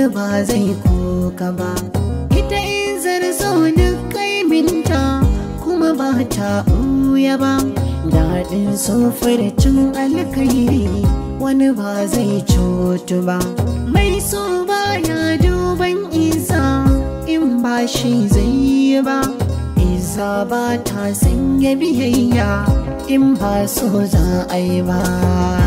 wani ba zai koka ba ita in zarzo kai Minta kuma ba ta uya ba daɗin cin alkairi wani ba zai cutu ba mai so ba ya duban isa in ba shi zai ba isa ba ta sanya biyayya in ba so za a yi ba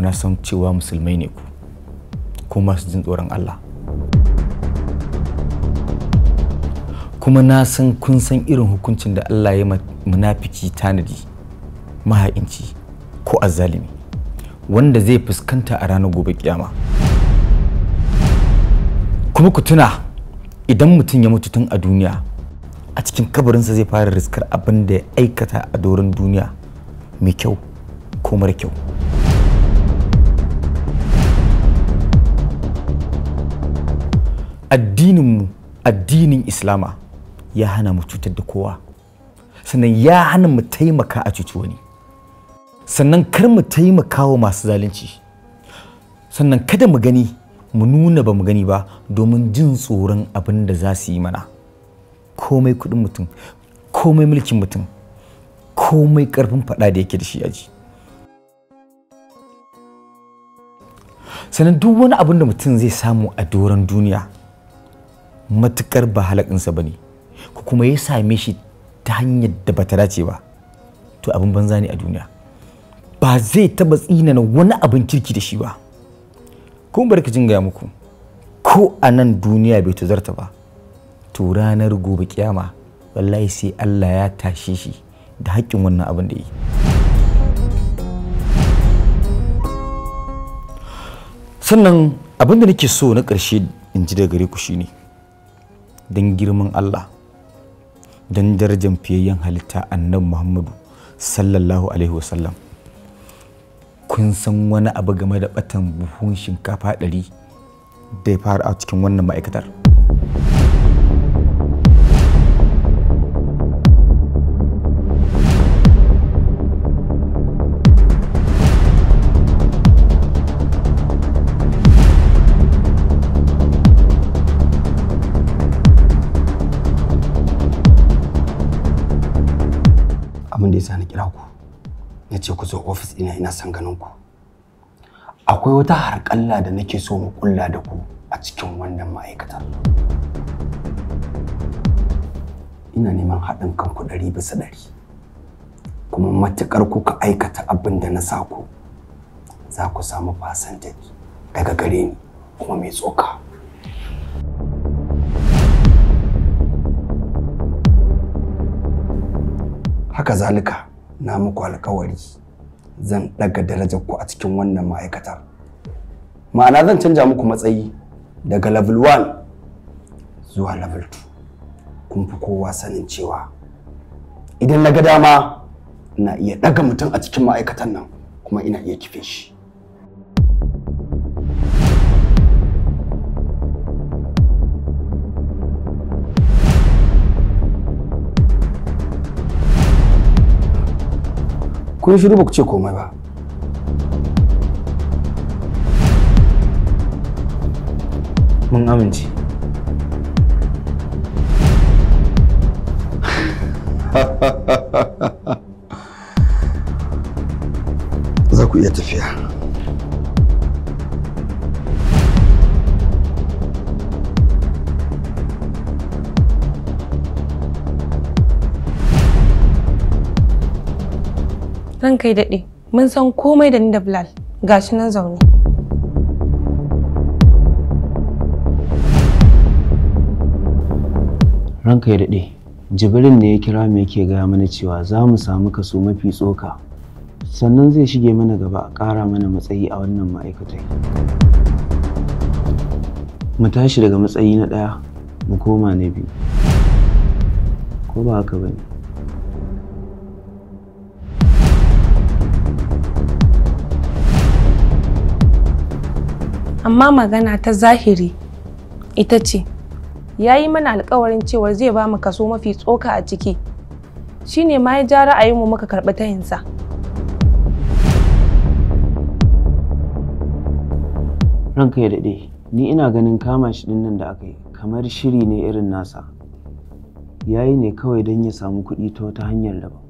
kuna san cewa musulmai ne ku kuma masu jin tsoron Allah kuma na san kun san irin hukuncin da Allah ya munafiki tanadi maha'inci ko azalimi wanda zai fuskanta a ranar gobe kiyama kuma ku tuna idan mutum ya mutu tun a duniya a cikin kabarinsa zai fara riskar abin da ya aikata a doron duniya mai kyau ko mara kyau addininmu addinin islama ya hana mu cutar da kowa sannan ya hana mu taimaka a cuci wani sannan kar mu taimaka wa masu zalunci sannan kada mu gani mu nuna ba mu gani ba domin jin tsoron abin da za su yi mana komai kudin mutum komai mulkin mutum komai karfin fada da yake da shi aji sannan duk wani abin da mutum zai samu a doron duniya matukar ba halakinsa ba ne ku kuma ya same shi ta hanyar da ba ta dace ba to abin banza ne a duniya ba zai taba na wani abin kirki da shi ba kun bar ki gaya muku ko a nan duniya bai zarta ba to ranar gobe kiyama wallahi sai Allah ya tashe shi da haƙƙin wannan abin da yi sannan abin da nake so na ƙarshe in ji daga gare ku shine don girman Allah don darajar fiyayyen halitta annabi Muhammadu sallallahu alaihi wasallam kun san wani abu game da batan buhun shinkafa ɗari da ya fara a cikin wannan ma'aikatar kira ku na ce ku zo ofis ina ina son ganin ku akwai wata harƙalla da nake so mu kulla da ku a cikin wannan ma'aikata ina neman haɗin kanku ɗari bisa ɗari kuma matuƙar kuka aikata abin da na sa ku za ku samu percentage daga gare ni kuma mai tsoka. Haka zalika na muku alkawari zan daga darajar ku a cikin wannan ma'aikatar ma'ana zan canja muku matsayi daga level 1 zuwa level 2 kun fi kowa sanin cewa idan na ga dama ina iya daga mutum a cikin ma'aikatan nan kuma ina iya kife shi kun shiru ba ku ce komai ba mun amince za ku iya tafiya Ran kai daɗe, mun san komai da ni da Bilal ga shi nan zaune. Ranka ya daɗe, Jibrin ne ya kira mu yake gaya mana cewa za mu samu kaso mafi tsoka, sannan zai shige mana gaba a ƙara mana matsayi a wannan ma'aikatai. Mu tashi daga matsayi na ɗaya, mu koma na biyu. Ko ba haka ba ne? amma magana ta zahiri ita ce ya yi mana alkawarin cewar zai ba mu kaso mafi tsoka a ciki shine ma ya ja ra'ayinmu muka karɓi tayinsa ranka ya daɗe ni ina ganin kama shi ɗin nan da aka yi kamar shiri ne irin nasa ya yi ne kawai don ya samu kuɗi ta wata hanyar daban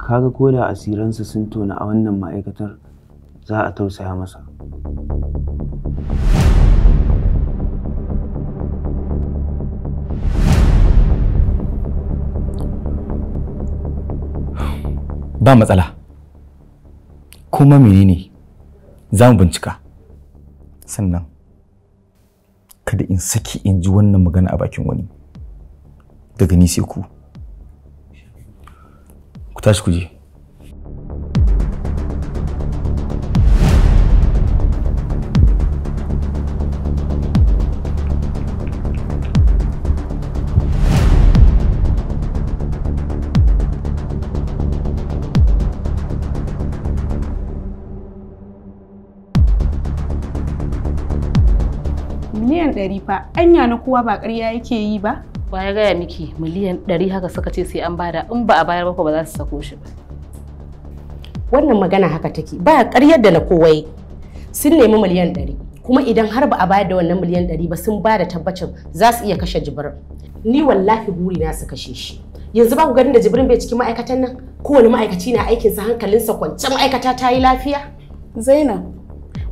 kaga koda asiransa sun tona a wannan ma'aikatar za a tausaya masa ba matsala kuma menene zamu bincika sannan kada in saki in ji wannan magana a bakin wani daga ni sai ku ku tashi ku je gari fa anya na kowa ba ƙarya yake yi ba ya gaya miki miliyan ɗari haka suka ce sai an bada in ba a bayar ba ba za su sako shi ba wannan magana haka take ba ƙaryar da na kowai sun nemi miliyan ɗari kuma idan har ba a bayar da wannan miliyan ɗari ba sun bada tabbacin za su iya kashe jibrin ni wallahi na su kashe shi yanzu ba ku ganin da jibrin bai cikin ma'aikatan nan kowane ma'aikaci na aikinsa hankalinsa kwance ma'aikata ta yi lafiya zainab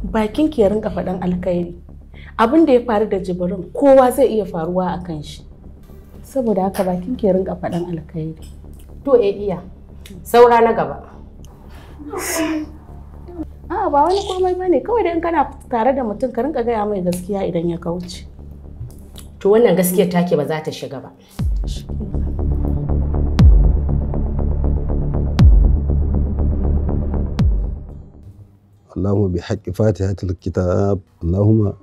bakin ki ya rinka faɗin alkhairi abin da ya faru da jibirin kowa zai iya faruwa a kan shi saboda haka bakin ke rinka faɗan alkhairi to e iya saura na gaba a ah, ba wani komai ba ne kawai in kana tare da mutum ka rinka gaya mai gaskiya idan ya kauce to wannan gaskiyar take ba za ta shiga ba اللهم بحق فاتحة الكتاب اللهم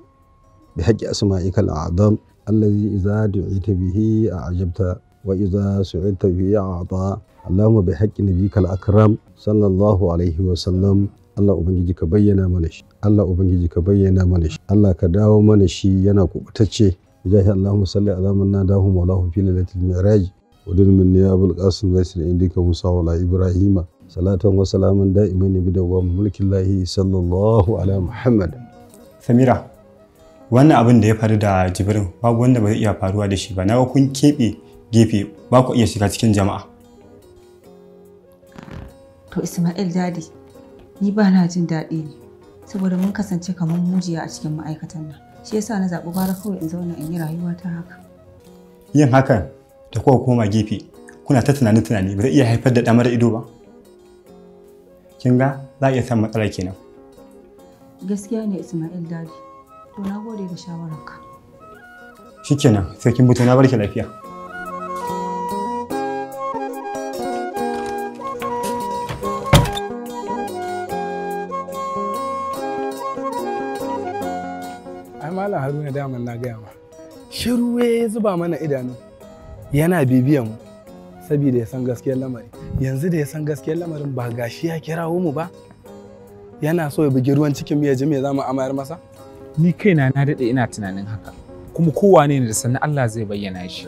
بحق أسمائك الأعظم الذي إذا دعيت به أعجبت وإذا سعدت به أعطى اللهم بحق نبيك الأكرم صلى الله عليه وسلم Allah Ubangiji ka bayyana mana shi Allah Ubangiji ka bayyana mana shi Allah ka dawo mana shi yana kubutacce jahi Allahumma salli ala man nadahu maulahu fi lailatul mi'raj wa dun min da qasim nasir indika musa wa ibrahima salatan wa salaman da'iman bi dawam mulkillahi sallallahu ala wannan abin da ya faru da jibrin babu wanda ba zai iya faruwa da shi ba na kun keɓe gefe ba ku iya shiga cikin jama'a to ismail dadi ni ba na jin daɗi ne saboda mun kasance kamar mujiya a cikin ma'aikatan nan shi yasa na zaɓi gara kawai in zauna in yi rayuwa ta haka yin hakan da kuka koma gefe kuna ta tunani tunani ba zai iya haifar da ɗamar ido ba kin ga za a iya samun matsala kenan gaskiya ne ismail dadi To na gode da shawararka. Shikenan sai kin na barki lafiya. Ai Malam Haruna daman na gaya ma. Shiru ya zuba mana idanu. Yana bibiyan mu saboda ya san gaskiyar lamari. Yanzu da ya san gaskiyar lamarin ba gashi ya kirawo mu ba. Yana so ya bugi ruwan cikin mu ya ji me za mu amayar masa? ni kaina na daɗe ina tunanin haka kuma kowane ne da sannan Allah zai bayyana shi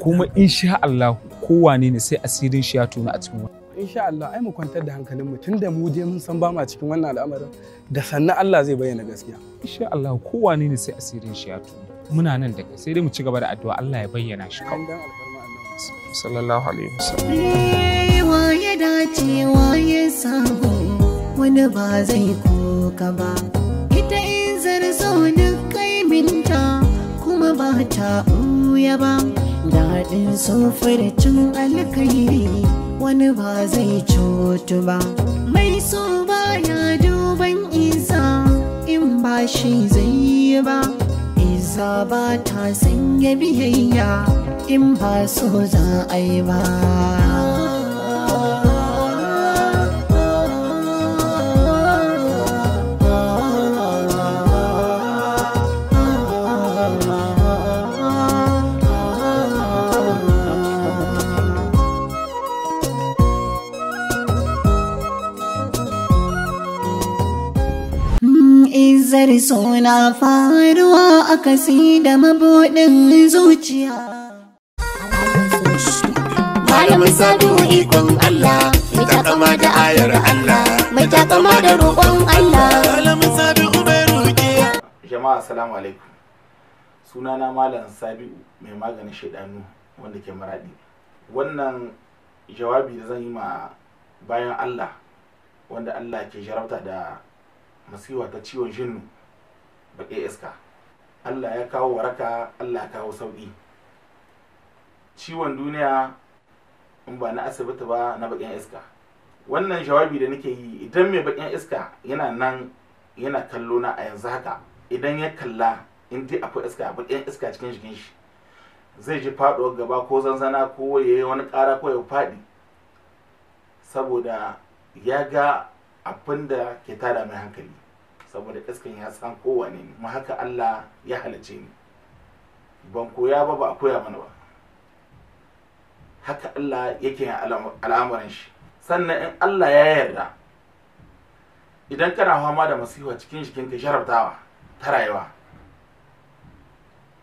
kuma insha Allah kowane ne sai asirin shi ya tuna a cikin insha Allah ai mu kwantar da hankalin mu tunda mu je mun san ba ma cikin wannan al'amarin da sannan Allah zai bayyana gaskiya insha Allah kowane ne sai asirin shi ya tuna muna nan da sai dai mu ci gaba da addu'a Allah ya bayyana shi kawai sallallahu alaihi wasallam eh, wa ya dace wa ya samu wani ba zai kuka ba zarzo duk kaiminta kuma ba ta ɓuya ba daɗin sofar cin alkairi wani ba zai cutu ba mai so ba ya duban isa in ba shi zai ba isa ba ta sanya biyayya in ba so za a yi ba Kaunar suna faruwa a kasi da mabuɗin zuciya. Malamin sabu ikon Allah, mai takama da ayar Allah, mai takama da roƙon Allah. Malamin sabu mai roƙe. Jama'a salamu alaikum. Sunana Malam Sabi'u mai maganin shaidanu wanda ke maraɗi. Wannan jawabi da zan yi ma bayan Allah wanda Allah ke jarabta da masiwa ta ciwon jinnu baƙi iska allah ya kawo waraka allah ya kawo sauƙi ciwon duniya in ba na asibiti ba na baƙin iska wannan jawabi da nake yi idan mai bakin iska yana nan yana kallo na a yanzu haka idan ya kalla in dai akwai iska bakin iska cikin jikin shi zai ji faɗuwar gaba ko zanzana ko ya yi wani ƙara ko ya faɗi saboda ya ga abin da ke tada mai hankali saboda iskan ya san kowane ne haka Allah ya halice ni ban koya ba ba a koya mana ba haka Allah yake yin al'amuran shi sannan in Allah ya yarda idan kana fama da masifa cikin shi kinka sharabtawa ta rayuwa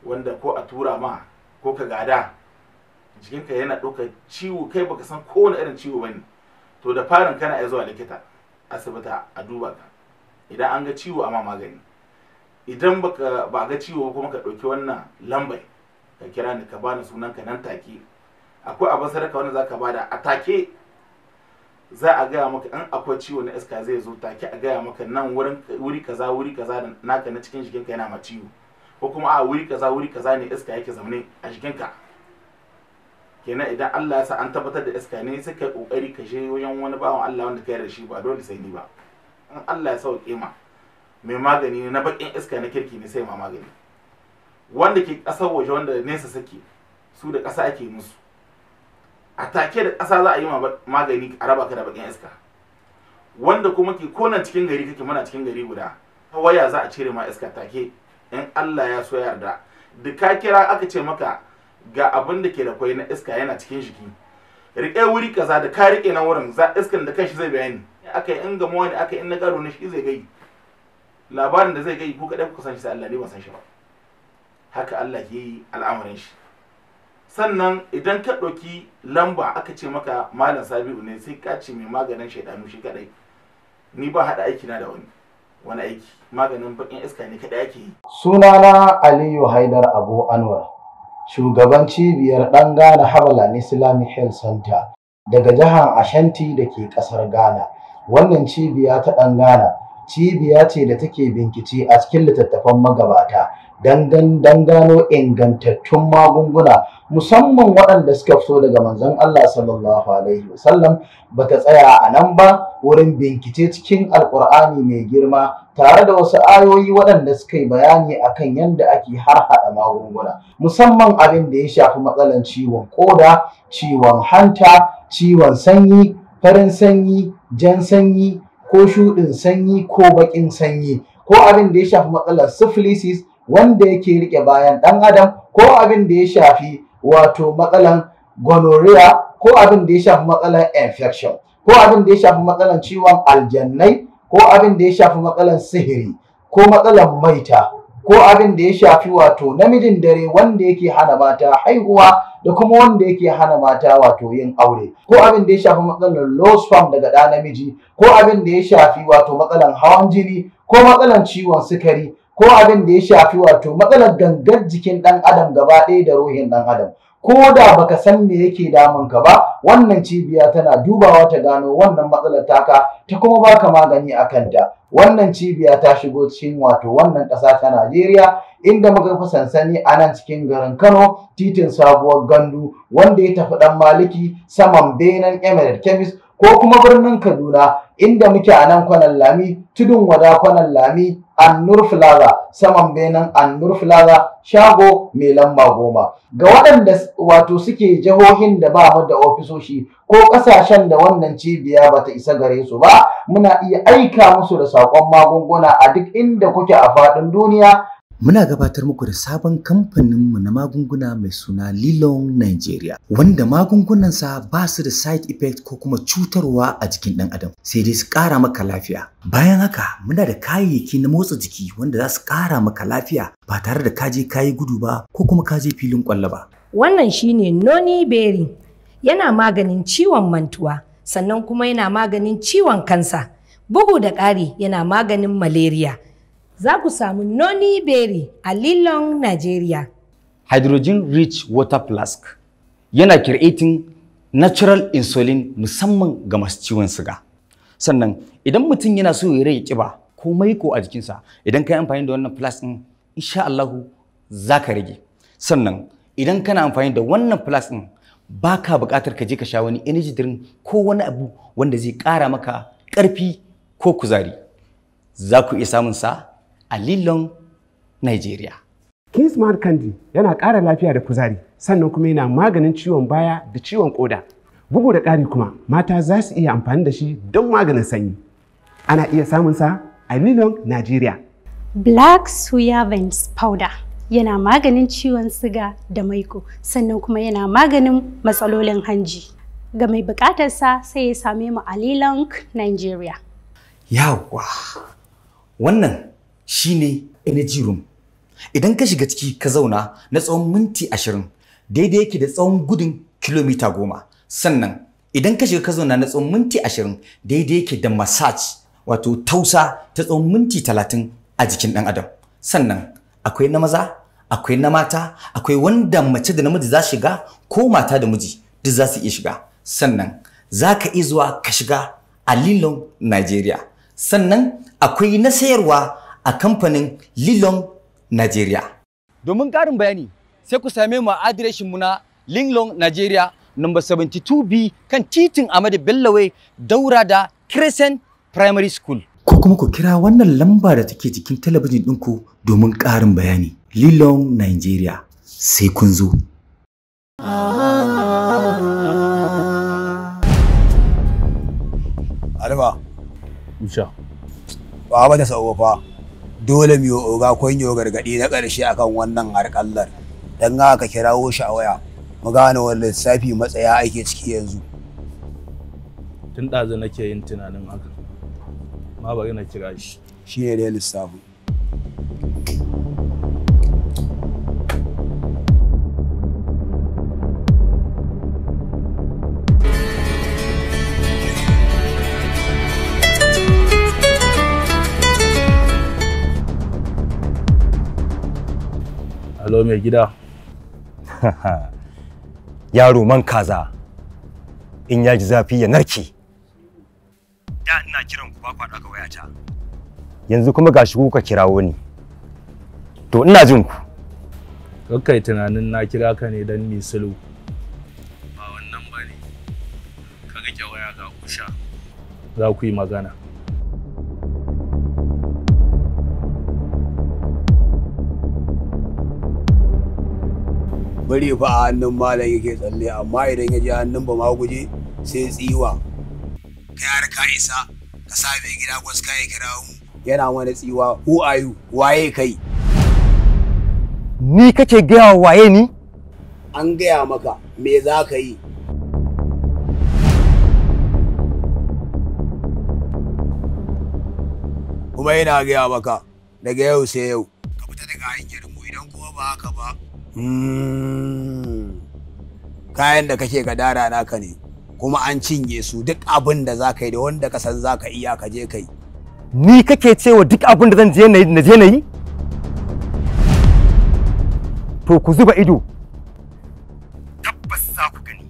wanda ko a tura ma ko ka gada jikinka yana ɗaukar ciwo kai baka san kowane irin ciwo bane to da farin kana iya zuwa likita asibita a duba ka idan an ga ciwo amma magani idan baka ba ga ciwo kuma ka ɗauki wannan lambai ka kira ni ka bani sunan ka nan take akwai abin sadaka wanda zaka bada a take za a gaya maka in akwai ciwo na iska zai zo take a gaya maka nan wurin wuri kaza wuri kaza naka na cikin jikinka yana ma ciwo ko kuma a wuri kaza wuri kaza ne iska yake zaune a jikinka kenan idan Allah ya sa an tabbatar da iska ne sai kai kokari ka je wajen wani bawan Allah wanda kai da shi ba dole sai ni ba in Allah ya sauke ma mai magani na bakin iska na kirki ne sai ma magani wanda ke ƙasar waje wanda nesa sake su da ƙasa ake musu a take da ƙasa za a yi magani a raba ka da bakin iska wanda kuma ke konan cikin gari kake muna cikin gari guda ta waya za a cire ma iska take in Allah ya so yarda da ka kira aka ce maka ga abin da ke da kwai na iska yana cikin jiki riƙe wuri kaza da ka rike na wurin za iskan da kanshi zai bayani aka yi in gamuwa ne aka yi in na gado ne shi zai gai labarin da zai gai ku kaɗai kuka san shi sai Allah ne ban san shi ba haka Allah ke yi al'amarin shi sannan idan ka ɗauki lamba aka ce maka malam sabi'u ne sai ka ce mai maganin shaidanu shi kaɗai ni ba haɗa aiki na da wani wani aiki maganin bakin iska ne kaɗai ake yi sunana aliyu haidar abu anwar shugaban cibiyar ɗan ghana habala islamic health center daga jihar ashanti da ke ƙasar ghana wannan cibiya ta ɗan gana, cibiya ce da take bincike a cikin littattafan magabata don gano ingantattun magunguna musamman waɗanda suka fito daga manzon Allah sallallahu alaihi wasallam ba ta tsaya a nan ba wurin binkice cikin Alƙur'ani mai girma tare da wasu ayoyi waɗanda suka yi bayani akan yadda ake harhaɗa magunguna musamman abin da ya shafi matsalan ciwon koda ciwon hanta ciwon sanyi farin sanyi jan sanyi ko shuɗin sanyi ko baƙin sanyi ko abin da ya shafi matsalar syphilis wanda yake rike bayan ɗan adam ko abin da ya shafi wato matsalar gonorrhea ko abin da ya shafi matsalar infection ko abin da ya shafi matsalar ciwon aljannai ko abin da ya shafi matsalar sihiri ko matsalar maita ko abin da ya shafi wato namijin dare wanda yake hana mata haihuwa da kuma wanda yake hana mata wato yin aure ko abin da ya shafi matsalar low sperm daga ɗa namiji ko abin da ya shafi wato matsalar hawan jini ko matsalar ciwon sukari ko abin da ya shafi wato matsalar gangar jikin ɗan adam gaba ɗaya da ruhin ɗan adam ko da baka san me yake damun ka ba wannan cibiya tana dubawa ta gano wannan matsalar taka ta kuma baka magani a kanta wannan cibiya ta shigo cikin wato wannan ƙasa ta Najeriya inda muka fi sansani a nan cikin garin Kano titin sabuwar gandu wanda ya tafi dan maliki saman benen Emirate Chemist ko kuma birnin Kaduna inda muke a nan kwanan lami tudun wada kwanan lami annur plaza saman benin annur plaza shago mai lamba goma ga waɗanda wato suke jihohin da ba mu da ofisoshi ko ƙasashen da wannan cibiya ba ta isa gare su ba muna iya aika musu da saƙon magunguna a duk inda kuke a faɗin duniya Muna gabatar muku da sabon kamfaninmu na magunguna mai suna Lilon Nigeria, wanda magungunansa ba su da side effect ko kuma cutarwa a jikin ɗan adam, sai dai su ƙara maka lafiya. Bayan haka, muna da kayayyaki na motsa jiki wanda za su ƙara maka lafiya ba tare da kaje kayi gudu ba ko kuma kaje filin ƙwallo ba. Wannan shine Noni Berry, yana maganin ciwon mantuwa, sannan kuma yana maganin ciwon kansa. Bugu da ƙari yana maganin malaria. za ku samu noni berry a lilon Nigeria. Hydrogen-rich water flask yana creating natural insulin musamman ga masu ciwon siga. Sannan idan mutum yana so ya rage kiba ko maiko a jikinsa idan ka yi amfani da wannan flask in, insha Allahu za ka rage. Sannan idan kana amfani da wannan flask ɗin ba ka buƙatar ka je ka sha wani energy drink ko wani abu wanda zai ƙara maka ƙarfi ko kuzari. Za ku iya samun sa a Lilon, Nigeria. Kingsman Candy yana ƙara lafiya da kuzari sannan kuma yana maganin ciwon baya da ciwon ƙoda. Bugu da ƙari kuma mata za su iya amfani da shi don maganin sanyi. Ana iya samun sa a Lilon, Nigeria. Black Suya Vents Powder yana maganin ciwon siga da maiko sannan kuma yana maganin matsalolin hanji. Ga mai bukatarsa sai ya same mu a Lilong, Nigeria. Yawwa! Wannan shine energy room idan ka shiga ciki ka zauna na tsawon minti ashirin daidai yake da tsawon gudun kilomita goma sannan idan ka shiga ka zauna na tsawon minti ashirin daidai yake da massage wato tausa ta tsawon minti talatin a jikin ɗan adam sannan akwai na maza akwai na mata akwai wanda mace da namiji za shiga ko mata da miji duk za su iya shiga sannan za ka iya zuwa ka shiga a lilon Najeriya sannan akwai na sayarwa a kamfanin Lilong Nigeria. Domin ƙarin bayani sai ku same mu a mu na Lilong Nigeria number 72B kan titin amadu Bellawe daura da Crescent Primary School. Ko kuma ku kira wannan lamba da take jikin talabijin ɗinku domin ƙarin bayani. Lilong Nigeria sai kun zo. Alima. Insha. Ba ba da sa'uwa fa. dole mu yi oga kwanyo gargaɗi na ƙarshe akan wannan harƙallar don haka kirawo shi a waya mu gane wani lissafi matsaya ake ciki yanzu tun ɗazu nake yin tunanin haka ma bari na kira shi shi ne dai lissafi. Hello mai gida. Yaro man kaza in ya ji zafi ya narke. Da ina kiran ku ba kwa daga wayata. Yanzu kuma gashi kuka kirawo ni. To ina jin ku. Kakkai tunanin na kira ka ne dan ni sulu. Ba wannan bane. Ka ga waya ga kusha. Za ku yi magana. bari fa a hannun malam yake tsalle amma idan ya je hannun ba ma guje sai tsiwa kai har ka isa ka sa mai gida gwas kai kira mu yana wani tsiwa who are you waye kai ni kake gaya waye ni an gaya maka me za ka yi kuma yana gaya maka daga yau sai yau ka fita daga hanyar mu idan kuma ba haka ba Hmm. kayan da kake gadara naka ne kuma an cinye su duk abin da za ka yi da wanda ka san za ka iya ka je ka ni kake cewa duk abin da zan je na je na yi to ku zuba ido tabbas za ku gani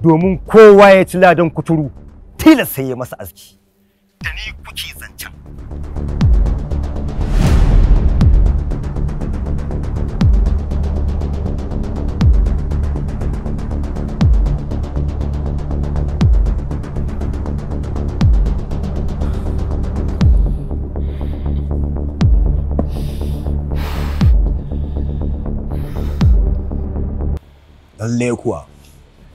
domin kowa ya ci ladan kuturu tilas sai ya masa aski da ni kuke zancen lalle kuwa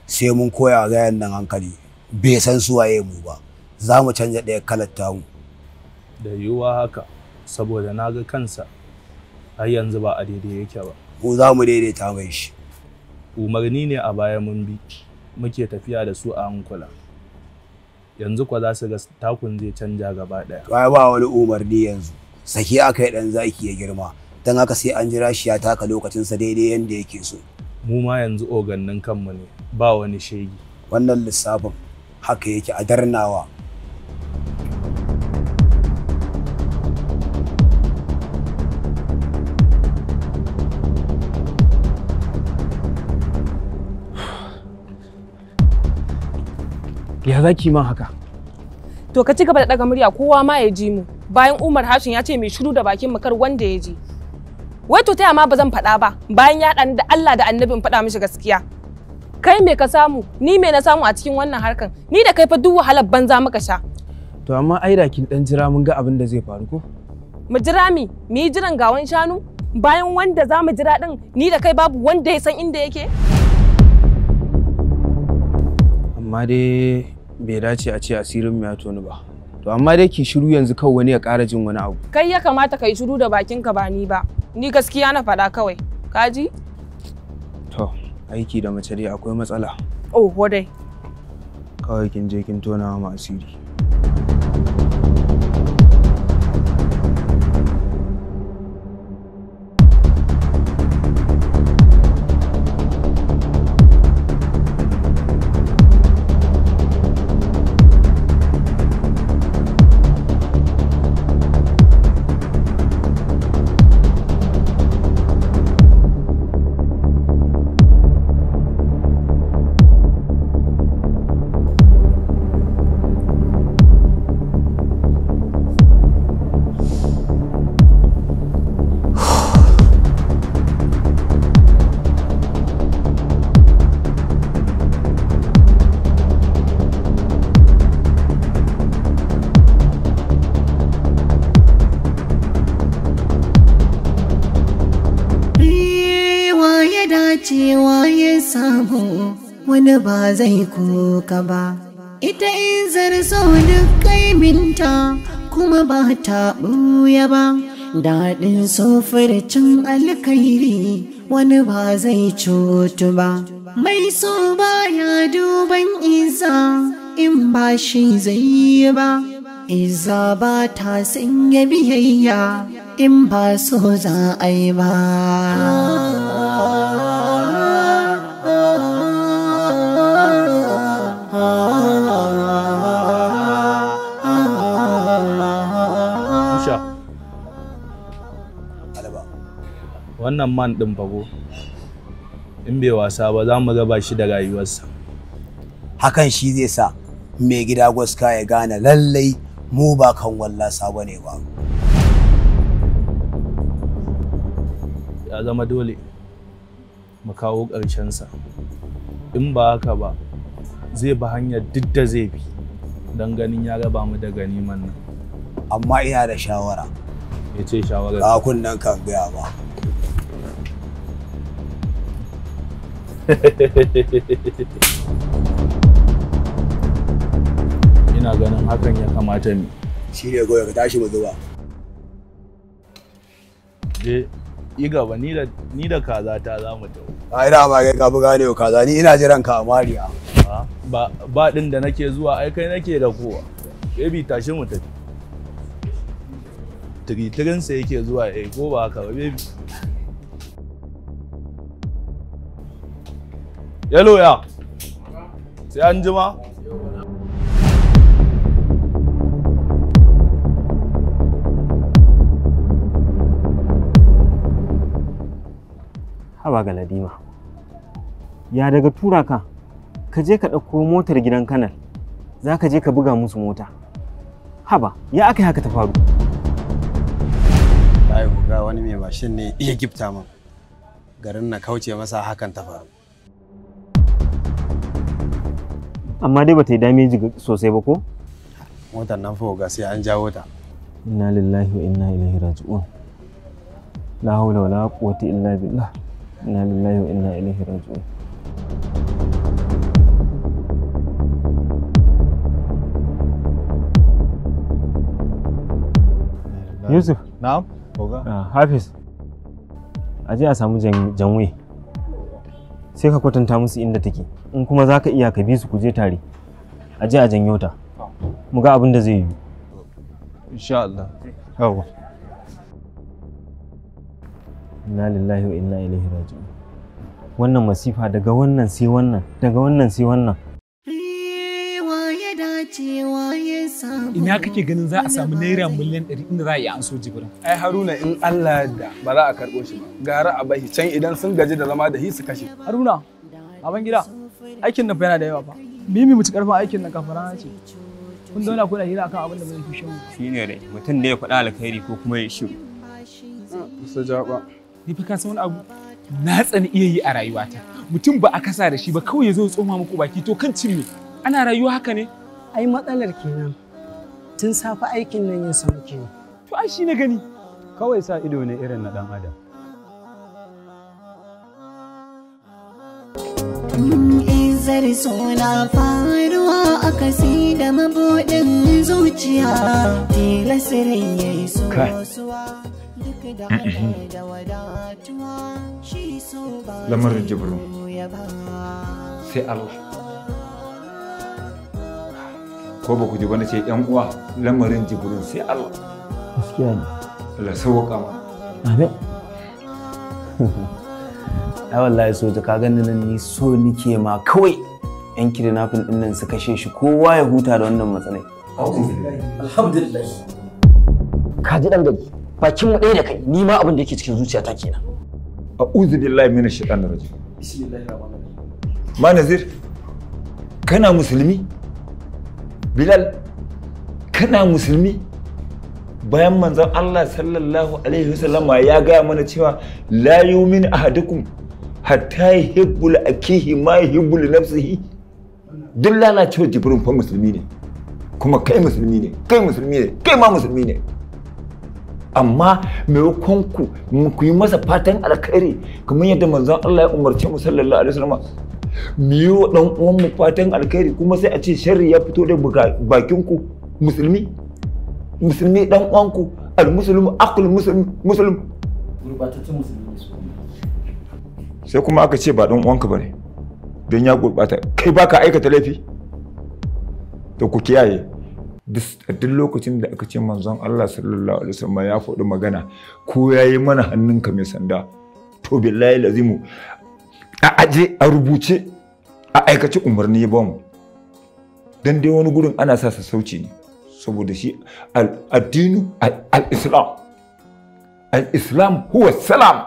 sai mun koya gayan nan hankali bai san suwaye mu ba za mu canja ɗaya kalar mu. da yiwuwa haka saboda na ga kansa har yanzu ba a daidai yake ba ko za mu daidaita mai shi umarni ne a baya mun bi muke tafiya da su a hankula yanzu kwa za su ga takun zai canja gaba ɗaya ba ba wani umarni yanzu saki aka yi ɗan zaki ya girma don haka sai an jira shi ya taka lokacinsa daidai yadda yake so mu ma yanzu ogannin kanmu ne ba wani shegi wannan lissafin haka yake a darnawa ya za ki man haka to ka ci gaba da daga murya kowa ma ya ji mu bayan umar hashin ya ce mai shiru da bakin mu kar wanda ya ji wai to taya ma ba zan faɗa ba bayan ya ɗan da Allah da annabi in faɗa mishi gaskiya kai me ka samu ni me na samu a cikin wannan harkan ni da kai fa duk wahalar banza muka sha to amma ai da kin dan jira mun ga abin da zai faru ko mu jira mi mu yi jiran gawan shanu bayan wanda za mu jira din ni da kai babu wanda ya san inda yake amma dai bai dace a ce asirin mu ya toni ba to amma dai ki shiru yanzu kawai wani ya ƙara jin wani abu kai ya kamata ka yi shiru da bakinka ba ni ba ni gaskiya na faɗa kawai kaji to aiki da mace dai akwai matsala oh dai kawai kin je kin tona ma asiri wani ba zai kuka ba ita in zarzo duk kaiminta kuma ba ta ɓuya ba daɗin cin alkairi wani ba zai cutu ba mai so baya duban isa in ba shi zai ba Iza ba ta sanya biyayya in ba so za a yi ba. wannan man ɗin fago in bai wasa ba za mu raba shi da rayuwarsa hakan shi zai sa mai gida gwaska ya gane lallai mu ba kan wallasa ba ne ba ya zama dole mu kawo sa. in ba haka ba zai ba hanyar duk da zai bi don ganin ya raba mu da ganiman nan amma ina da shawara ya ce shawarar a kunnen kan biya ba ina ganin hakan ya kamata ne shi ne goyo ka tashi mu zuba je yi gaba ni da kaza ta za mu tau a ina ma kai ka gane ne kaza ni ina jiran ka amariya ba ba din da nake zuwa ai kai nake da kowa baby tashi mu tafi tiri tirin sa yake zuwa eh ko ba haka ba baby yalo ya sai an haba ga ladima ya daga tura ka ka je ka ɗauko motar gidan kanal za ka je ka buga musu mota haba ya aka yi haka ta faru ai buga wani mai mashin ne iya gifta min garin na kauce masa hakan ta faru amma dai bata yi damage sosai ba ko motar nan fa ga sai an jawo ta inna lillahi wa inna ilaihi raji'un la hawla wala quwwata illa billah inna lillahi wa inna ilaihi raji'un Yusuf na'am ah, Hafiz a je a samu janwe sai ka kwatanta musu inda take in kuma za ka iya ka bi su ku je tare a je a janyo ta mu ga abin da zai yi insha Allah yawa inna lillahi wa inna ilaihi raji'un wannan masifa daga wannan sai wannan daga wannan sai wannan ina kake ganin za a samu naira miliyan ɗari inda za a yi an so jibrin ai haruna in allah da ba za a karɓo shi ba gara a bahi can idan sun gaji da zama da hi su kashe haruna baban gida aikin nan fa yana da yawa fa mimi ci karfin aikin nan kafara ce kun zauna kuna hira akan abin da bai fi shan ne dai mutum ne ya faɗa alkhairi ko kuma ya shiru su ba. ni fa ka san wani abu na tsani iya yi a rayuwata mutum ba a kasa da shi ba kawai ya zo tsoma muku baki to kan cin me ana rayuwa haka ne ai matsalar kenan tun safe aikin nan ya sauke To ai shi na gani. Kawai sa ido ne irin na ɗan adam. Izar suna faruwa a kasi da mabuɗin zuciya, tilasirin ya yi sosuwa. Lamarin Jibril, sai Allah. ko ba ku ji wani ce yan uwa lamarin jibrin sai Allah gaskiya ne Allah sauka ma amin ai wallahi so ta ka gani nan ni so nike ma kawai yan kidnapping din nan su kashe shi kowa ya huta da wannan matsalai alhamdulillah ka ji dan gari bakin mu ɗaya da kai ni ma abin da yake cikin zuciyata kenan a'udhu billahi minash shaitanir rajim bismillahir rahmanir rahim ma nazir kana musulmi bilal kana musulmi bayan manzon Allah sallallahu alaihi wasallama ya gaya mana cewa la yumin ahadukum hatta yuhibbu li akihi ma yuhibbu li nafsihi duk lalacewa jibrin fa musulmi ne kuma kai musulmi ne kai musulmi ne kai ma musulmi ne amma maimakon ku ku yi masa fatan alkhairi kamar yadda manzon Allah ya umarce mu sallallahu alaihi wasallam mu yi wa mu fatan alkhairi kuma sai a ce sharri ya fito da bakin ku musulmi musulmi ɗan uwanku almusulmi akul musulmi gurbatattun musulmi sai kuma aka ce ba dan uwan ba ne don ya gurbata kai baka aikata laifi to ku kiyaye duk lokacin da aka ce manzon Allah sallallahu alaihi wasallam ya faɗi magana ko ya yi mana hannunka mai sanda to billahi lazimu a aje a rubuce a aikace umarni ya bamu don dai wani gurin ana sa sauci ne saboda shi addinu al-islam al-islam huwa salam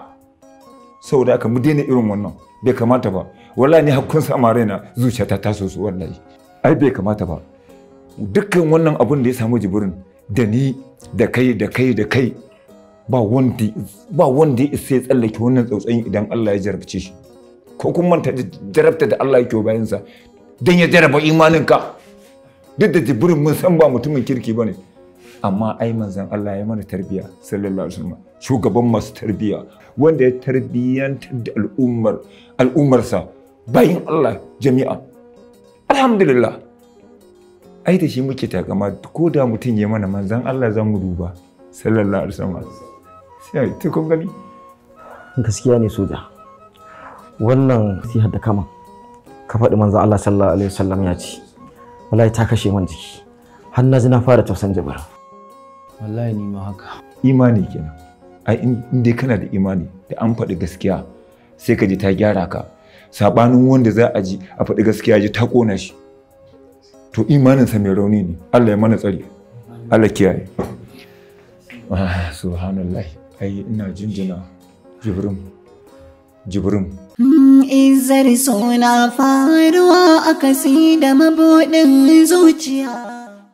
saboda aka mu daina irin wannan bai kamata ba wallahi ni hakkun sama na zuciyata ta taso su wallahi ai bai kamata ba dukkan wannan abun da ya samu jibrin da ni da kai da kai da kai ba wanda ba wanda ya isa ya tsallake wannan tsautsayin idan Allah ya jarabce shi ko kuma manta da jarabta da Allah yake bayansa don ya jaraba imaninka duk da jibirin mun san ba mutumin kirki ba ne amma ai manzan Allah ya mana tarbiya sallallahu alaihi wasallam shugaban masu tarbiya wanda ya tarbiyantar da al'ummar al'ummarsa bayin Allah jami'a alhamdulillah ai da shi muke takama ko da mutum ya mana manzan Allah za mu duba sallallahu alaihi wasallam sai ta kun gani gaskiya ne soja wannan sihar da kama ka faɗi manzo Allah sallallahu alaihi wasallam ya ce wallahi ta kashe man jiki har na ji na fara tausan jabara wallahi ni ma haka imani kenan ai in dai kana da imani da an faɗi gaskiya sai ka ji ta gyara ka sabanin wanda za a ji a faɗi gaskiya ji ta kona shi to imaninsa mai rauni ne Allah ya mana tsari Allah kiyaye ah, subhanallah ai ina jinjina jibrin jibrin Izar suna faruwa a kasi da mabuɗin zuciya.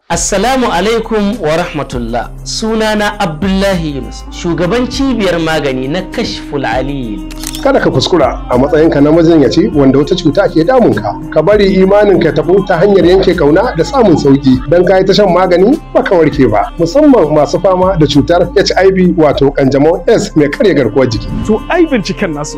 Assalamu alaikum wa rahmatullah sunana Abdullahi Yunus shugaban cibiyar magani na kashful Aliyu. Kada ka kuskura a matsayinka na majinyaci wanda wata cuta ke damunka. Ka bari imanin ka tabo ta hanyar yanke kauna da samun sauki don ka yi ta shan magani ba ka warke ba. Musamman masu fama da cutar HIV wato kanjamau S mai karya garkuwar jiki. To ai binciken nasu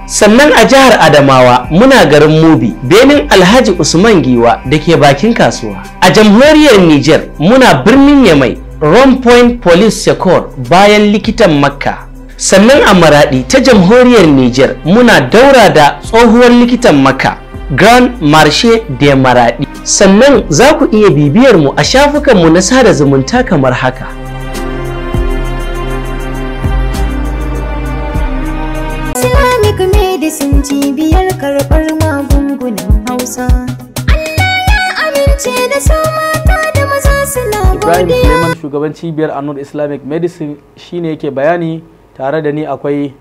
sannan a jihar adamawa muna garin mubi benin alhaji usman giwa da ke bakin kasuwa a jamhuriyar niger muna birnin yamai rome Point Police Secor bayan likitan Makka. Sannan a Maraɗi ta jamhuriyar Nijar muna daura da tsohuwar likitan Makka Grand Marche de Maraɗi. Sannan za ku iya bibiyar mu a shafukanmu na sada zumunta kamar haka. medicine cibiyar karɓar magungunan hausa Allah da su da maza Ibrahim Suleiman shugaban cibiyar Anur Islamic Medicine shine yake bayani tare da ni akwai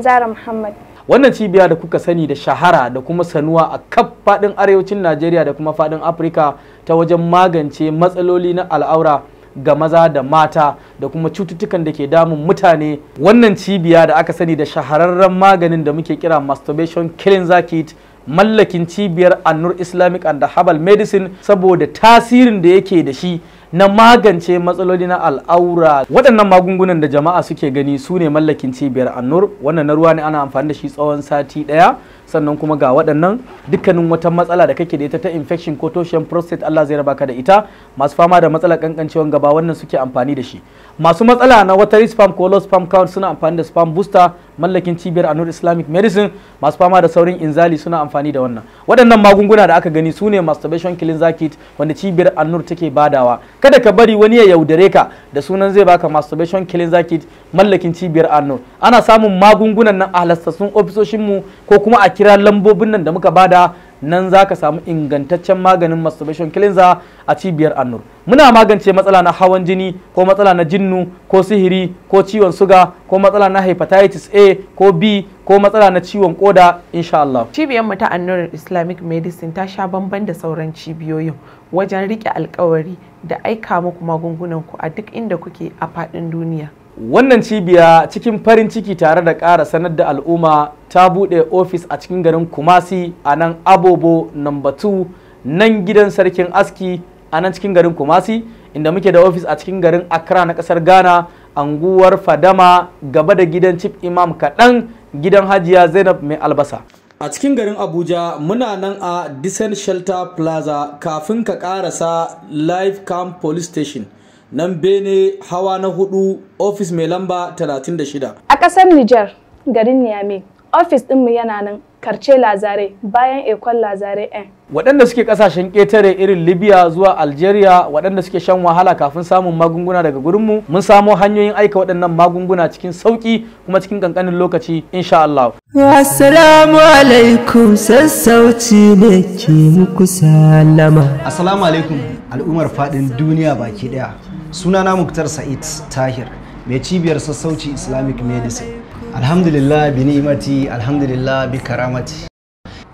Zara Muhammad wannan cibiya da kuka sani da shahara da kuma sanuwa a kaf faɗin arewacin Najeriya da kuma faɗin Afirka ta wajen magance matsaloli na al'aura ga maza da mata da kuma cututtukan da ke damun mutane wannan cibiya da aka sani da shahararren maganin da muke kira masturbation cleanser kit mallakin cibiyar annur islamic and habal medicine saboda tasirin da yake da shi na magance matsaloli na al'aura waɗannan magungunan da jama'a suke gani su ne mallakin cibiyar annur wannan na ruwa ne ana amfani da shi tsawon sati ɗaya sannan kuma ga waɗannan dukkanin wata matsala da kake da ita ta infection ko toshen prostate Allah zai raba ka da ita masu fama da matsalar kankancewan gaba wannan suke amfani da shi masu matsala na watery spam ko low spam count suna amfani da spam booster mallakin cibiyar anur islamic medicine masu fama da saurin inzali suna amfani da wannan waɗannan magunguna da aka gani su ne masturbation cleanser kit wanda cibiyar anur take badawa kada ka bari wani ya yaudare ka da sunan zai baka masturbation cleanser kit mallakin cibiyar anur ana samun magungunan nan a halastassun ofisoshinmu ko kuma a kira lambobin nan da muka bada nan za ka samu ingantaccen maganin masturbation cleanser a cibiyar annur muna magance matsala na hawan jini ko matsala na jinnu ko sihiri ko ciwon suga ko matsala na hepatitis a ko b ko matsala na ciwon koda insha Allah. cibiyar mu ta annur islamic medicine ta sha bamban da sauran cibiyoyin wajen rike alkawari da aika muku magungunan ku a duk inda kuke a faɗin duniya wannan cibiya cikin farin ciki tare da ƙara sanar da al'umma ta buɗe ofis a cikin garin kumasi a nan abobo namba 2 nan gidan sarkin aski a nan cikin garin kumasi inda muke da ofis a cikin garin accra na ƙasar ghana anguwar fadama gaba da gidan chief imam kaɗan gidan hajiya zainab mai albasa a cikin garin abuja muna nan a descent shelter plaza kafin ka ƙarasa live camp police station nan bene hawa na hudu ofis mai lamba 36 a ƙasar nijar garin niamey ofis ɗinmu yana nan karce lazare bayan ekon lazare n waɗanda suke ƙasashen ƙetare irin libya zuwa algeria waɗanda suke shan wahala kafin samun magunguna daga gurinmu mun samo hanyoyin aika waɗannan magunguna cikin sauƙi kuma cikin ƙanƙanin lokaci insha Allah. assalamu alaikum sassauci ne ke muku salama assalamu alaikum al'ummar faɗin duniya baki ɗaya sunana muktar sa'id tahir mai cibiyar sassauci islamic medicine alhamdulillah bi ni'imati alhamdulillah bi karamati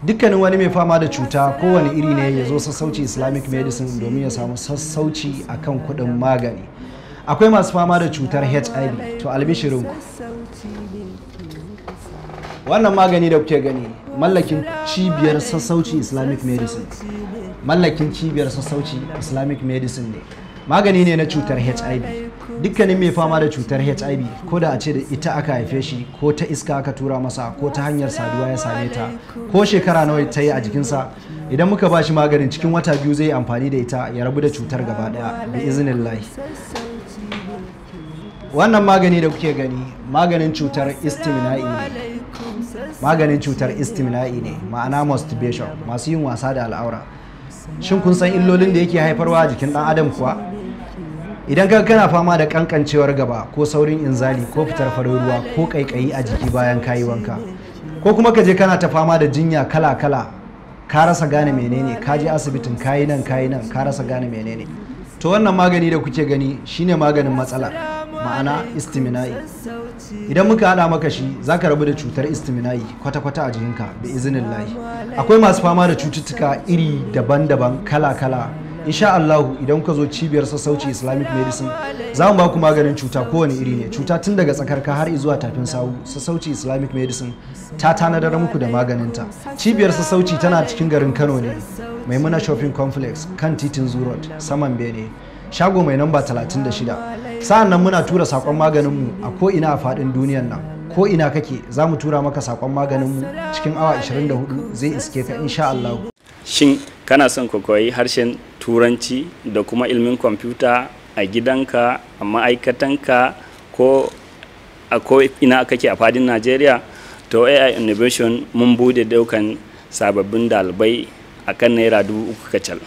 dukkanin wani mai fama da cuta kowane iri ne ya zo sassauci islamic medicine domin ya samu sassauci akan kuɗin magani akwai masu fama da cutar hiv to albishirinku wannan magani da kuke gani mallakin cibiyar sassauci islamic medicine mallakin cibiyar sassauci islamic medicine ne magani ne na cutar hiv dukkanin mai fama da cutar hiv ko da a ce da ita aka haife shi ko ta iska aka tura masa ko ta hanyar saduwa ya same ta ko shekara nawa ta yi a jikinsa idan muka ba shi maganin cikin wata biyu zai amfani da ita ya rabu da cutar gaba daya da izinin lai wannan magani da kuke gani maganin cutar istimina'i ne maganin cutar istimina'i ne ma'ana masturbation masu yin wasa da al'aura shin kun san illolin da yake haifarwa a jikin dan adam kuwa idan ka kana fama da kankancewar gaba ko saurin inzali ko fitar farin ruwa ko kaikayi a jiki bayan kayi wanka ko kuma ka je kana ta fama da jinya kala kala ka rasa gane menene ka je asibitin kayi nan kayi nan ka rasa gane menene to wannan magani da kuke gani shine maganin matsala ma'ana istimina'i idan muka hada maka shi zaka rabu da cutar istimina'i kwata-kwata a jikinka bi izinin lahi akwai masu fama da cututtuka iri daban-daban kala-kala insha Allahu idan kuka zo cibiyar sassauci Islamic Medicine za mu ba maganin cuta kowane iri ne cuta tun daga tsakar ka har zuwa tafin sawu sassauci Islamic Medicine ta tanadar muku da maganinta cibiyar sassauci tana cikin garin Kano ne Maimuna Shopping Complex kan titin Zoo Road saman Bene shago mai namba 36 sa'an nan muna tura sakon maganinmu a ko ina a faɗin duniyar nan ko ina kake za mu tura maka sakon maganinmu cikin awa 24 zai iske ka insha Allah shin kana son ku koyi harshen turanci da kuma ilmin kwamfuta a gidanka a ma'aikatanka ko a ko ina kake a fadin najeriya to ai innovation mun bude daukan sababbin dalibai a kan naira dubu uku kacal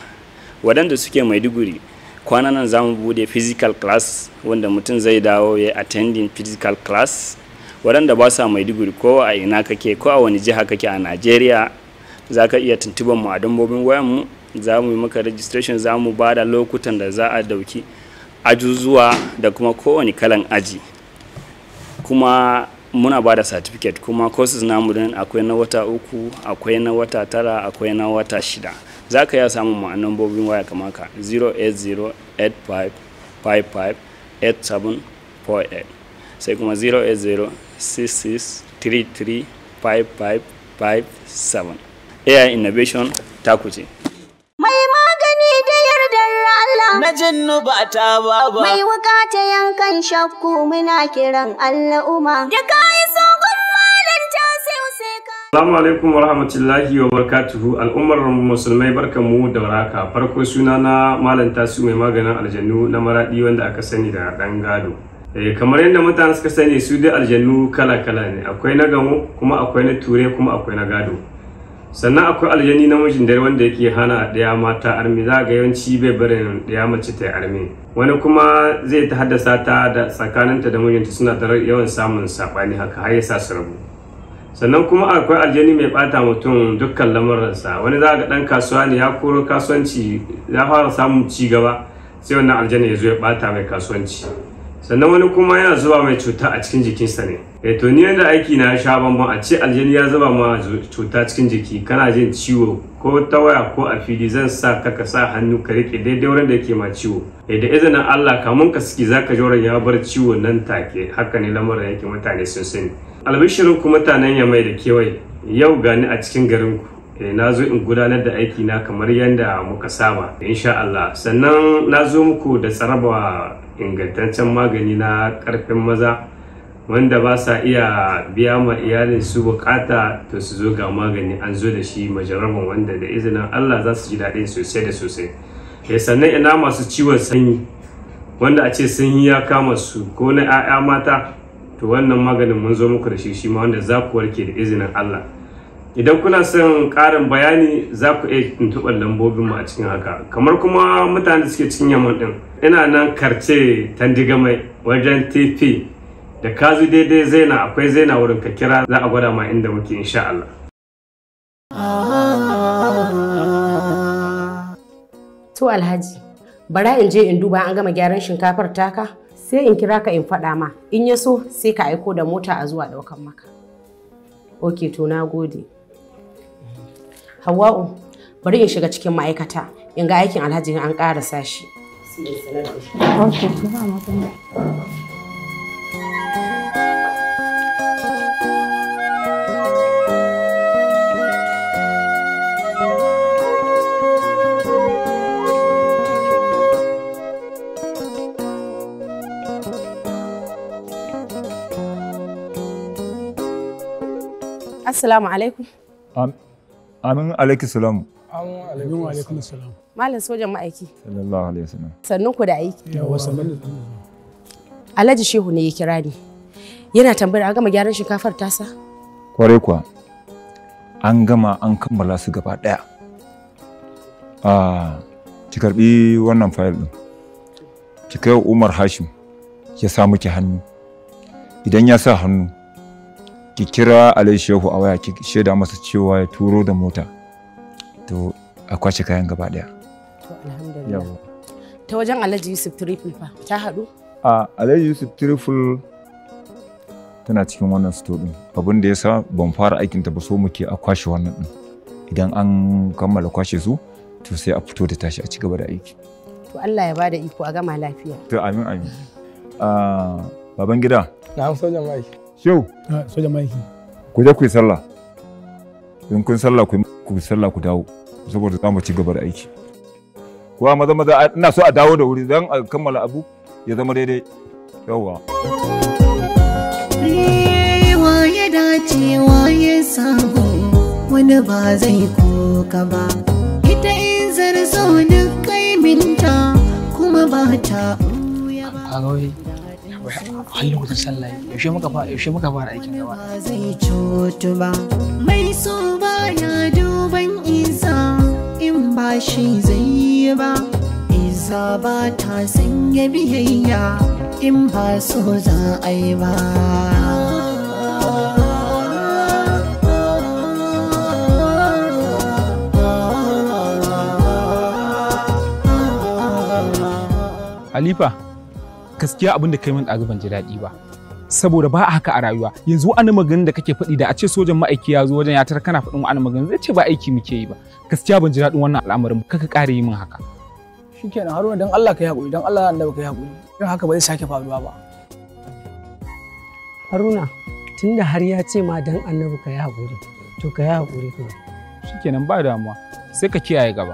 waɗanda suke maiduguri kwanan nan za mu bude physical class wanda mutum zai dawo ya attending physical class waɗanda ba sa maiduguri ko a ina kake ko a wani jiha kake a najeriya za ka iya tuntuban mu a dambobin wayanmu za mu yi maka registration za mu ba da lokutan da za a dauki ajuzuwa da kuma kowane kalan aji kuma muna ba da certificate kuma courses namu din akwai na wata uku akwai na wata tara akwai na wata shida za ka iya samun ma'anan bobin waya kamar ka 08085558748 sai kuma 08066335557 ai innovation takuce jinnu ba ta ba ba Mai wuka ta yankan shakku muna kiran Allah uma. Da kai sogon malam ta sai ka. Assalamu alaikum warahmatullahi rahmatullahi wa barakatuhu al'ummar musulmai mu da waraka farko suna na malam tasu mai maganin aljannu na maradi wanda aka sani da dan gado. Eh, kamar yadda mutane suka sani su dai aljannu kala-kala ne akwai na gamo kuma akwai na ture kuma akwai na gado sannan akwai aljani namijin dare wanda yake hana ɗaya mata armi za ga yawanci bai barin ɗaya mace ta armi wani kuma zai ta haddasa ta da tsakaninta da mijinta suna da yawan samun saɓani haka har yasa su rabu sannan kuma akwai aljani mai bata mutum dukkan lamuransa wani za ga ɗan kasuwa ne ya koro kasuwanci ya fara samun ci gaba sai wannan aljani ya zo ya bata mai kasuwanci sannan wani kuma yana zuba mai cuta a cikin jikinsa ne e to ni yadda aiki na sha bamban a ce aljani ya zuba ma cuta cikin jiki kana jin ciwo ko ta waya ko a fili zan sa ka ka sa hannu ka rike daidai wurin da yake ma ciwo e da izinin Allah kamun ka saki zaka ji wurin ya bar ciwo nan take haka ne lamarin yake mutane sun sani albishirin ku mutanen ya mai da kewaye yau gani a cikin garin ku eh, na zo in gudanar da aiki na kamar yadda muka saba insha Allah sannan na zo muku da tsaraba ingantaccen magani na karfin maza wanda ba sa iya biya ma iyalin su bukata to su zo ga magani an zo da shi majaraban wanda da izinin Allah za su ji daɗin sosai da sosai ya eh, sannan ina masu ciwon sanyi wanda a ce sanyi ya kama su ko na 'ya'ya mata to wannan maganin mun zo muku da shi shi ma wanda za ku warke da izinin Allah idan kuna son ƙarin bayani za ku iya tuntuɓar lambobin mu a cikin haka kamar kuma mutane da suke cikin yamma ɗin ina nan karce tandigamai wajen tp da kazu daidai zaina akwai zaina wurin ka kira za a gwada ma inda muke insha Allah. To Alhaji, bara in je in duba an gama gyaran shinkafar taka sai in kira ka in faɗa ma in ya so sai ka aiko da mota a zuwa ɗaukan maka. Ok to na gode. Hawwa'u bari in shiga cikin ma'aikata in ga aikin alhaji an ƙarasa shi. Assalamu alaikum. Amin alaiki salamu. Amin alaikun salamu. Malam sojan ma'aiki. Sallallahu alaihi wasallam. Sannun ku da aiki. Yawwa wasallam. Alhaji Shehu ne ya kira ni. Yana tambayar an gama gyaran shinkafar tasa? Kware kuwa. An gama an kammala su gaba daya. Ah, ki karbi wannan fayil din. Ki kai Umar Hashim ya sa miki hannu. Idan ya sa hannu ki kira Alhaji Shehu a waya ki shaida masa cewa ya turo da mota to a kwace kayan gaba daya ta wajen Alhaji Yusuf Triful fa ta hadu a Alhaji Yusuf Triful tana cikin wannan store din abin da yasa ban fara aikin ta ba so muke a kwashe wannan din idan an kammala kwashe su to sai a fito da tashi a ci gaba da aiki to Allah ya bada iko a gama lafiya to amin amin baban gida na'am sojan jama'a Shehu. Ah, sojan maiki. Ku je ku yi sallah. In kun sallah ku ku sallah ku dawo saboda za mu ci gaba da aiki. Kowa maza maza ina so a dawo da wuri don a kammala abu ya zama daidai. Yawwa. Rewa eh, ya dace wa ya sabo wani ba zai koka ba. Ita in zarzo duk kai minta kuma ba ta ba. har lokacin sallah yaushe muka fara yaushe muka fara aikin gaba zai cutu ba mai so baya duban isa in ba shi zai yi ba isa ba ta sanya biyayya in ba so za a yi ba gaskiya abin da kai min ɗazu ban ji daɗi ba saboda ba haka a rayuwa yanzu wani maganin da kake faɗi da a ce sojan ma'aiki ya zo wajen ya tara kana faɗin wani maganin zai ce ba aiki muke yi ba gaskiya ban ji daɗin wannan al'amarin kaka ƙara yi min haka shikenan haruna dan Allah ka yi haƙuri dan Allah annabi ka yi haƙuri dan haka ba zai sake faruwa ba haruna tunda har ya ce ma dan annabi ka yi haƙuri to ka yi haƙuri kuma shikenan ba damuwa sai ka kiyaye gaba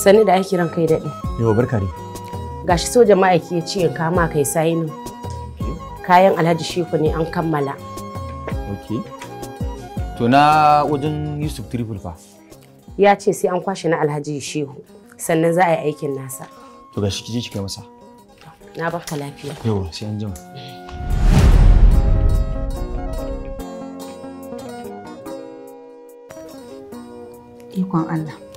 Sani da ake ranka kai daɗe. Yau barka ne. Gashi soja ma'aiki ya ce in kama kai sayinu. Kayan Alhaji Shehu ne an kammala. Ok. To na wajen Yusuf Triple fa. Ya ce sai an kwashe na Alhaji Shehu sannan za a yi aikin nasa. To gashi kije ki kai masa. Na barka lafiya. Yau sai an jima. Ikon Allah.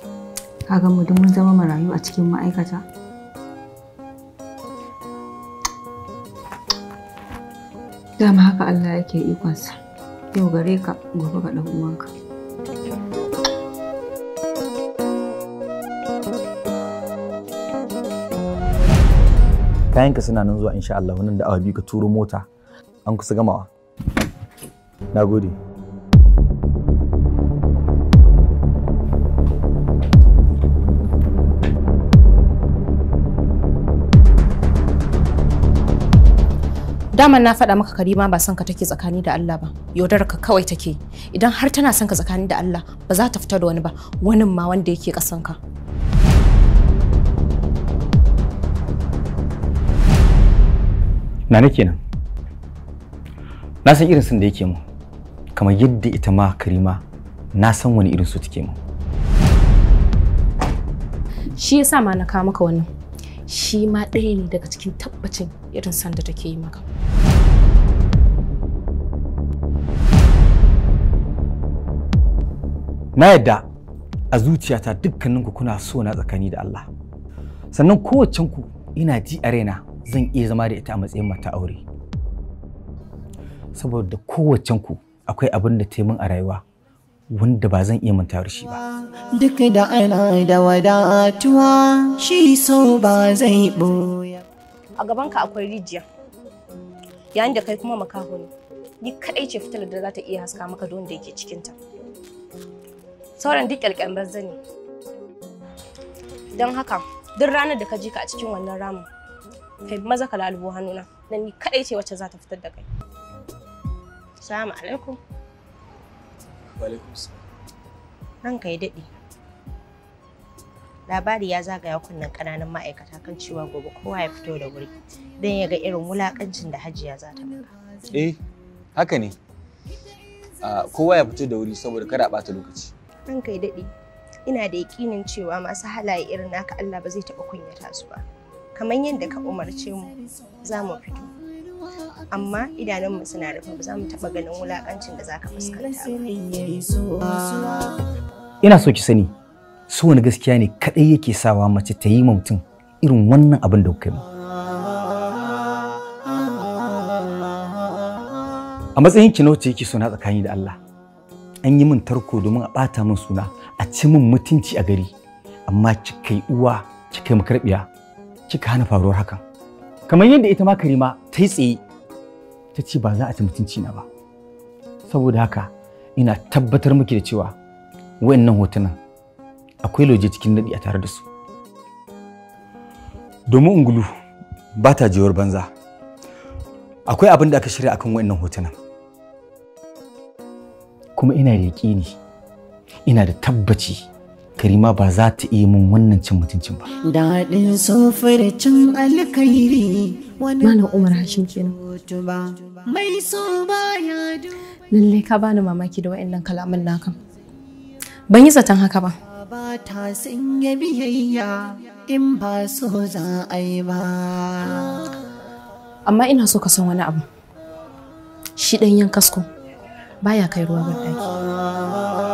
kaga mu duk mun zama marayu a cikin ma'aikata dama haka Allah yake ikonsa yau gare ka gobe ga uwanka kayanka suna nan zuwa insha Allah nan da awa biyu ka turo mota an kusa gamawa na gode daman na faɗa maka karima ba son ka take tsakani da Allah ba yaudar ka kawai take idan har tana son ka tsakani da Allah ba za ta fita da wani ba wanin ma wanda yake kasan ka Nana kenan na san irin sun da yake mu kamar yadda ita ma karima na san wani irin su take mu shi yasa ma na kawo maka wannan shi ma ɗaya ne daga cikin tabbacin irin sanda take yi maka na yadda a zuciyata dukkaninku kuna so na tsakani da Allah sannan kowacenku ina ji a raina zan iya zama da ita a matsayin mata aure saboda kowacenku akwai abin da taimun a rayuwa wanda ba zan iya manta da shi ba. Duk da ana da wadatuwa shi so ba zai boya. A gabanka akwai rijiya, yayin da kai kuma makaho ne, ni kaɗai ce fitilar da za ta iya haska maka don da yake cikinta. Sauran duk ƙyalƙyambar zane. Don haka, duk ranar da ka ji ka a cikin wannan ramin, kai maza ka lalubo hannuna, nan ni kaɗai ce wacce za ta fitar da kai. Salamu alaikum. Ranka ya daɗe. Labari ya zagaya kunnen ƙananan ma'aikata kan cewa gobe kowa ya fito da wuri don ya ga irin wulaƙancin da hajiya za ta maka. Eh, haka ne. kowa ya fito da wuri saboda kada a ɓata lokaci. Ranka ya daɗe. Ina da yaƙinin cewa masu halaye irin naka Allah ba zai taɓa kunyata su ba. Kamar yadda ka umarce mu za mu fito. amma idanunmu suna rufe ba za mu taɓa ganin wulakancin da za ka fuskanta ina so ki sani so wani gaskiya ne kaɗai yake sawa mace ta yi ma mutum irin wannan abin da kuka yi a matsayin ki nauce yake suna tsakani da Allah an yi min tarko domin a bata min suna a ci min mutunci a gari amma kika yi uwa kika yi makarbiya kika hana faruwar hakan kamar yadda ita ma karima ta yi tsaye ta ce ba za a ci mutunci na ba saboda haka ina tabbatar miki da cewa wayannan hotunan akwai lauje cikin daɗi a tare da su domin ungulu ba ta jiyar banza akwai abin da aka shirya akan wayannan hotunan kuma ina da yaƙini ina da tabbaci Karima ba za ta iya min wannan cin mutuncin ba. Daɗin sofar cin alkairi Malam Umar Hashim kenan. Mai so ka bani mamaki da wa'annan kalaman naka. Ban yi zaton haka ba. Ba ta sanya biyayya in ba so za a yi ba. Amma ina so ka san wani abu. Shi ɗanyen kasko baya kai ruwa ban ɗaki.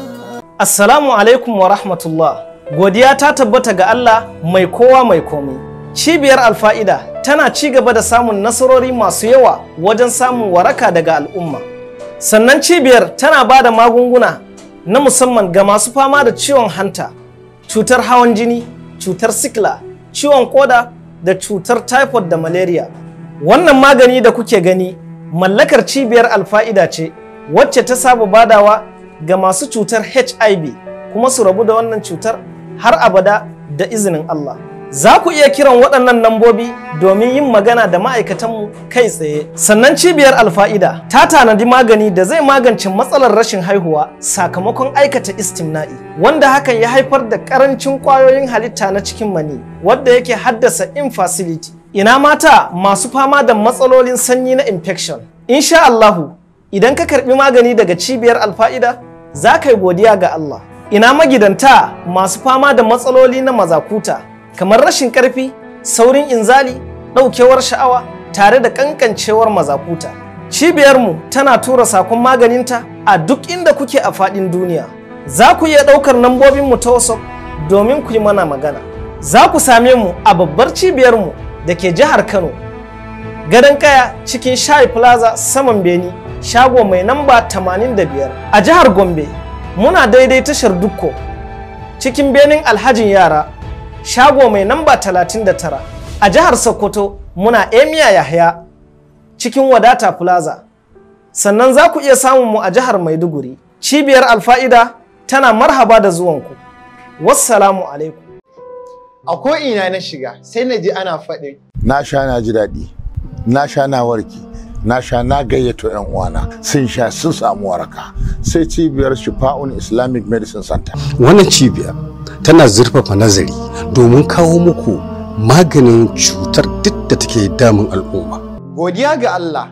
Assalamu alaikum wa rahmatullah. Godiya ta tabbata ga Allah mai kowa mai komai. Cibiyar Alfa'ida tana ci gaba da samun nasarori masu yawa wajen samun waraka daga al'umma. Sannan cibiyar tana ba da magunguna na musamman ga masu fama da ciwon hanta, cutar hawan jini, cutar sikila, ciwon koda da cutar typhoid da malaria. Wannan magani da kuke gani mallakar cibiyar Alfa'ida ce wacce ta saba badawa ga masu cutar HIV kuma su rabu da wannan cutar har abada da izinin Allah. Za ku iya kiran waɗannan lambobi domin yin magana da ma'aikatanmu kai tsaye. Sannan cibiyar alfa'ida ta tanadi magani da zai magance matsalar rashin haihuwa sakamakon aikata istimna'i, wanda hakan ya haifar da ƙarancin ƙwayoyin halitta na cikin mani, wadda yake haddasa fasiliti. Ina mata masu fama da matsalolin sanyi na infection. Insha Allahu, idan ka karɓi magani daga cibiyar alfa'ida, za ka yi godiya ga Allah. Ina magidanta masu fama da matsaloli na mazakuta, kamar rashin ƙarfi, saurin inzali, ɗaukewar sha'awa tare da ƙanƙancewar mazakuta. Cibiyarmu tana tura sakon maganinta a duk inda kuke a faɗin duniya. Za ku iya ɗaukar mu ta wasu domin ku yi mana magana. Za ku same mu a babbar cibiyarmu da ke jihar Kano, gadon kaya cikin Shai Plaza saman Beni. shago mai namba 85 a jihar Gombe muna daidai tashar Dukko cikin benin alhajin yara shago mai namba 39 a jihar Sokoto muna Emiya Yahya cikin Wadata Plaza sannan za ku iya samun mu a jihar Maiduguri cibiyar Alfa'ida tana marhaba da zuwanku wassalamu alaikum a ko'ina na shiga sai na ji ana faɗi na sha na ji daɗi na sha na warki na sha na gayyato 'yan uwana sun sha sun samu waraka sai cibiyar shifa'un islamic medicine center wannan cibiya tana zurfafa nazari domin kawo muku maganin cutar duk da take damun al'umma godiya ga allah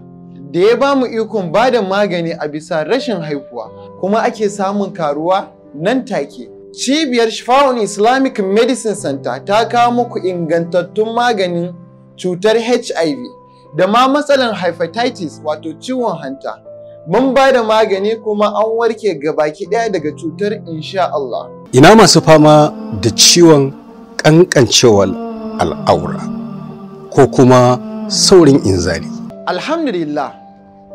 da ya ba mu ikon ba da magani a bisa rashin haihuwa kuma ake samun karuwa nan take cibiyar shifa'un islamic medicine center ta kawo muku ingantattun maganin cutar hiv da ma matsalar hepatitis wato ciwon hanta. Mun ba da magani kuma an warke gabaki ɗaya daga cutar insha Allah. Ina masu fama da ciwon ƙanƙancewar al'aura ko kuma saurin inzari. Alhamdulillah,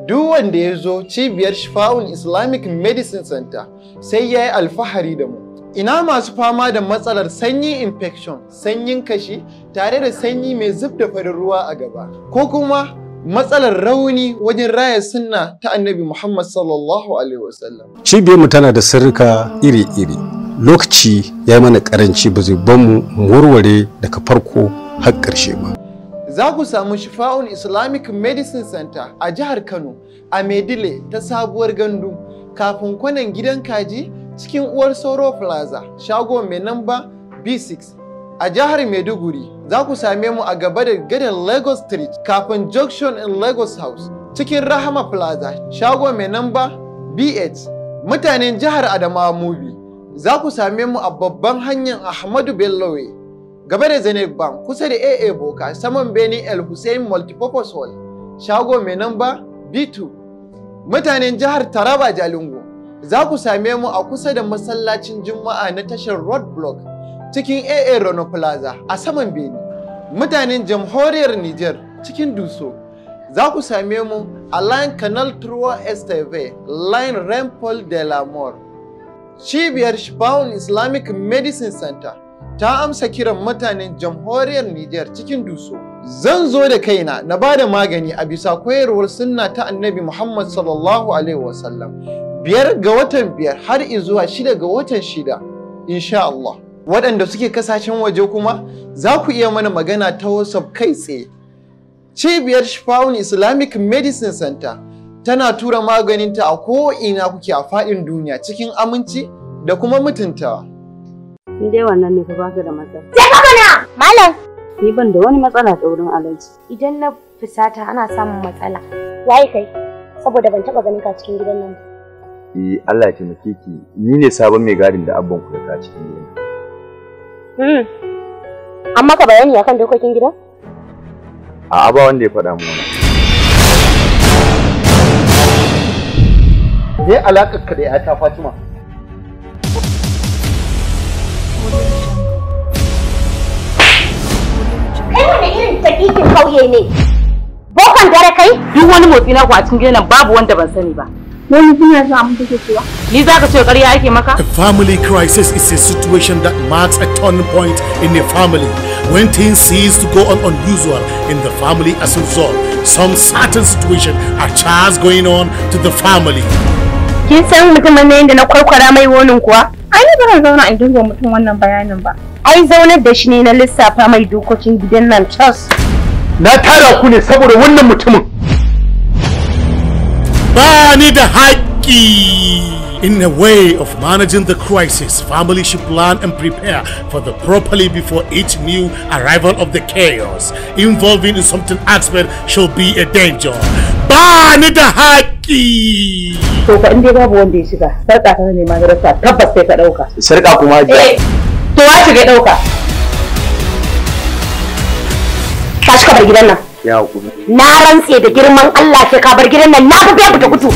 duk wanda ya zo cibiyar Shifa'un Islamic Medicine Center sai ya yi alfahari da mu. ina masu fama da matsalar sanyi infection sanyin kashi tare da sanyi mai zub da farin ruwa a gaba ko kuma matsalar rauni wajen raya sunna ta annabi muhammad sallallahu alaihi wasallam mu tana da sirrika iri-iri lokaci ya mana karanci ba zai mu warware daga farko har ƙarshe ba za ku samu shifa'un islamic medicine center a jihar kano a medile ta sabuwar gandu kafin kwanan gidan kaji cikin uwar Soro Plaza, shago mai namba B6 a jihar Maiduguri. Za ku same mu a gaba da gadon Lagos Street kafin Junction in Lagos House cikin Rahama Plaza, shago mai namba B8. Mutanen jihar Adamawa Mubi za ku same mu a babban hanyar Ahmadu Bellowe gaba da Zenith Bank kusa da AA Boka saman benin El Hussein Multipurpose Hall, shago mai namba B2. Mutanen jihar Taraba Jalingo za ku same mu a kusa da masallacin Juma'a na tashar Roadblock cikin AA rano Plaza a saman Beni. Mutanen jamhuriyar Niger cikin Duso za ku same mu a Line Canal Trois Esteve, Line Rempol de la Mort. Cibiyar Shibawan Islamic Medicine Center ta amsa kiran mutanen jamhuriyar Niger cikin Duso. Zan zo da kaina na ba da magani a bisa koyarwar sunna ta annabi Muhammad sallallahu Alaihi wasallam biyar ga watan biyar har zuwa shida ga watan shida insha Allah waɗanda suke kasashen waje kuma za ku iya mana magana ta WhatsApp kai tsaye cibiyar Shifawun Islamic Medicine Center tana tura maganinta a ko'ina kuke a faɗin duniya cikin aminci da kuma mutuntawa. In dai wannan ne ka baka da matsala. Sai ka Malam! Ni ban da wani matsala da wurin alaji. Idan na fusata ana samun matsala. Waye kai? Saboda ban taɓa ganin ka cikin gidan nan eh Allah ya taimake ki ni ne sabon mai gadin da abban ku ta ka cikin gidan hmm amma ka bayani akan dokokin gida a ba wanda ya faɗa mu wannan me alaka ka da ta Fatima Kai wani irin tafikin kauye ne? Bokan dare kai? Duk wani motsi na ku a cikin gidan babu wanda ban sani ba. wani duniya za mu take cewa ni za ka ce ƙarya ake maka a family crisis is a situation that marks a turning point in a family when things cease to go on unusual in the family as a result some certain situation are chars going on to the family kin san mutumin ne da na kwarkwara mai wonin kuwa ai ba zan zauna in dinga mutum wannan bayanin ba ai zaunar da shi ne na lissafa mai dokokin gidan nan tas na tara ku ne saboda wannan mutumin bani da haƙƙi. In a way of managing the crisis, family should plan and prepare for the properly before each new arrival of the chaos. Involving in something expert shall be a danger. Bani da haƙƙi. To fa in dai babu wanda ya shiga, sarƙa ta ne ma rasa tabbas sai ka ɗauka. Sarƙa kuma ja. Eh, to wa shiga ɗauka. Ka shiga bar gidan nan. ya na rantse da girman Allah sai ka bar gidan nan na fi bai ta kutu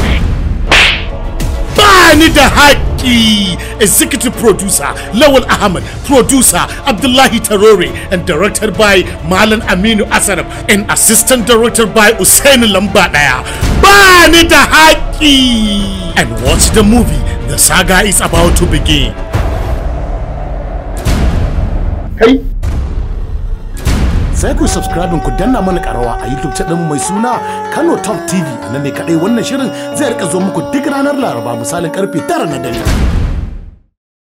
da haƙƙi executive producer Lawal Ahmad producer Abdullahi Tarore and directed by Malan Aminu Asarab and assistant director by Usain Lambadaya Bani bani da haƙƙi and watch the movie the saga is about to begin Hey! sai ku subscribe ku danna mana karawa a YouTube channel mai suna Kano Top TV a nan ne kadai wannan shirin zai rika zo muku duk ranar Laraba misalin karfe 9 na dare